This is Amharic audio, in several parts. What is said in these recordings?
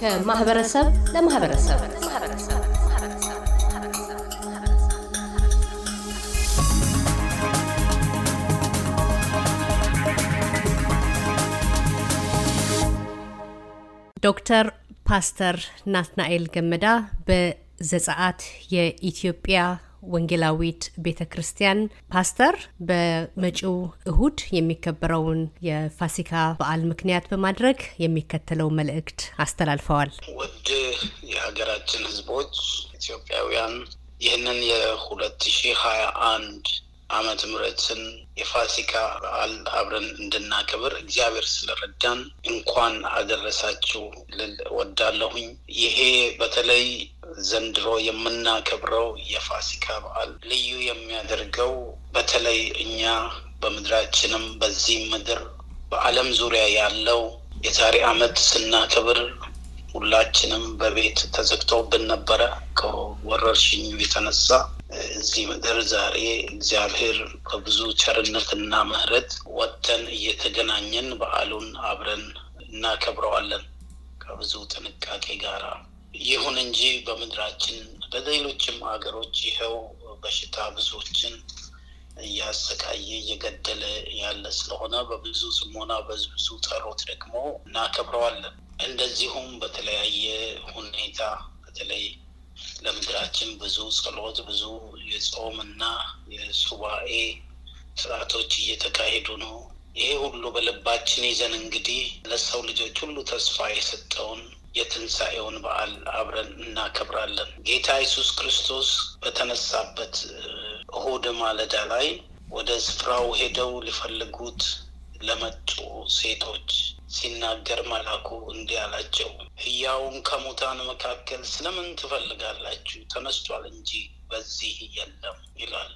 ከማህበረሰብ ለማህበረሰብ ዶክተር ፓስተር ናትናኤል ገመዳ በዘጸአት የኢትዮጵያ ወንጌላዊት ቤተ ክርስቲያን ፓስተር በመጪው እሁድ የሚከበረውን የፋሲካ በዓል ምክንያት በማድረግ የሚከተለው መልእክት አስተላልፈዋል። ውድ የሀገራችን ህዝቦች ኢትዮጵያውያን ይህንን የ2021 ዓመተ ምሕረትን የፋሲካ በዓል አብረን እንድናከብር እግዚአብሔር ስለረዳን እንኳን አደረሳችሁ ልል ወዳለሁኝ። ይሄ በተለይ ዘንድሮ የምናከብረው የፋሲካ በዓል ልዩ የሚያደርገው በተለይ እኛ በምድራችንም በዚህ ምድር በዓለም ዙሪያ ያለው የዛሬ ዓመት ስናከብር ሁላችንም በቤት ተዘግቶብን ነበረ ከወረርሽኙ የተነሳ። እዚህ ምድር ዛሬ እግዚአብሔር ከብዙ ቸርነትና ምሕረት ወጥተን እየተገናኘን በዓሉን አብረን እናከብረዋለን ከብዙ ጥንቃቄ ጋራ ይሁን እንጂ በምድራችን በሌሎችም ሀገሮች ይኸው በሽታ ብዙዎችን እያሰቃየ እየገደለ ያለ ስለሆነ በብዙ ጽሞና በብዙ ጸሎት ደግሞ እናከብረዋለን። እንደዚሁም በተለያየ ሁኔታ በተለይ ለምድራችን ብዙ ጸሎት፣ ብዙ የጾም እና የሱባኤ ስርዓቶች እየተካሄዱ ነው። ይሄ ሁሉ በልባችን ይዘን እንግዲህ ለሰው ልጆች ሁሉ ተስፋ የሰጠውን የትንሣኤውን በዓል አብረን እናከብራለን። ጌታ ኢየሱስ ክርስቶስ በተነሳበት እሁድ ማለዳ ላይ ወደ ስፍራው ሄደው ሊፈልጉት ለመጡ ሴቶች ሲናገር መልአኩ እንዲህ አላቸው፣ ሕያውን ከሙታን መካከል ስለምን ትፈልጋላችሁ? ተነስቷል እንጂ በዚህ የለም ይላል።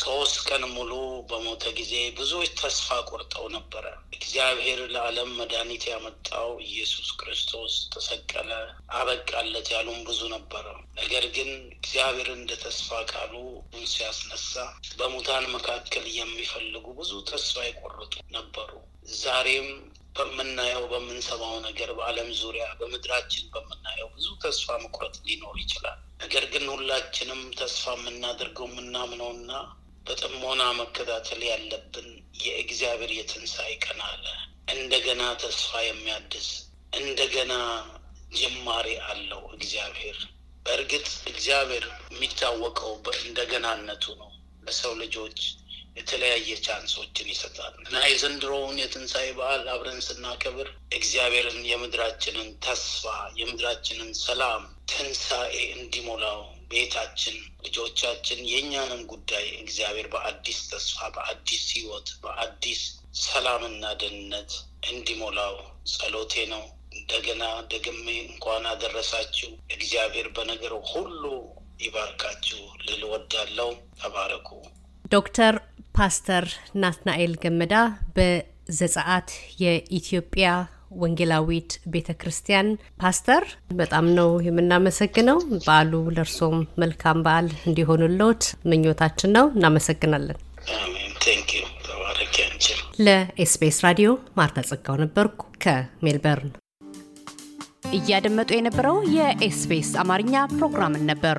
ሶስት ቀን ሙሉ በሞተ ጊዜ ብዙዎች ተስፋ ቆርጠው ነበረ። እግዚአብሔር ለዓለም መድኃኒት ያመጣው ኢየሱስ ክርስቶስ ተሰቀለ፣ አበቃለት ያሉም ብዙ ነበረ። ነገር ግን እግዚአብሔር እንደ ተስፋ ቃሉ ሲያስነሳ በሙታን መካከል የሚፈልጉ ብዙ ተስፋ የቆረጡ ነበሩ። ዛሬም በምናየው በምንሰማው ነገር በዓለም ዙሪያ በምድራችን በምናየው ብዙ ተስፋ መቁረጥ ሊኖር ይችላል። ነገር ግን ሁላችንም ተስፋ የምናደርገው የምናምነውና በጥሞና መከታተል ያለብን የእግዚአብሔር የትንሣኤ ቀን አለ። እንደገና ተስፋ የሚያድስ እንደገና ጅማሬ አለው እግዚአብሔር። በእርግጥ እግዚአብሔር የሚታወቀው በእንደገናነቱ ነው። ለሰው ልጆች የተለያየ ቻንሶችን ይሰጣል እና የዘንድሮውን የትንሣኤ በዓል አብረን ስናከብር እግዚአብሔርን የምድራችንን ተስፋ የምድራችንን ሰላም ትንሣኤ እንዲሞላው ቤታችን፣ ልጆቻችን፣ የእኛንም ጉዳይ እግዚአብሔር በአዲስ ተስፋ፣ በአዲስ ህይወት በአዲስ ሰላምና ደህንነት እንዲሞላው ጸሎቴ ነው። እንደገና ደግሜ እንኳን አደረሳችሁ። እግዚአብሔር በነገር ሁሉ ይባርካችሁ ልል ወዳለው። ተባረኩ። ዶክተር ፓስተር ናትናኤል ገመዳ በዘጸአት የኢትዮጵያ ወንጌላዊት ቤተ ክርስቲያን ፓስተር፣ በጣም ነው የምናመሰግነው። በዓሉ ለእርሶም መልካም በዓል እንዲሆንልዎት ምኞታችን ነው። እናመሰግናለን። ለኤስቢኤስ ራዲዮ ማርታ ጸጋው ነበርኩ ከሜልበርን። እያደመጡ የነበረው የኤስቢኤስ አማርኛ ፕሮግራምን ነበር።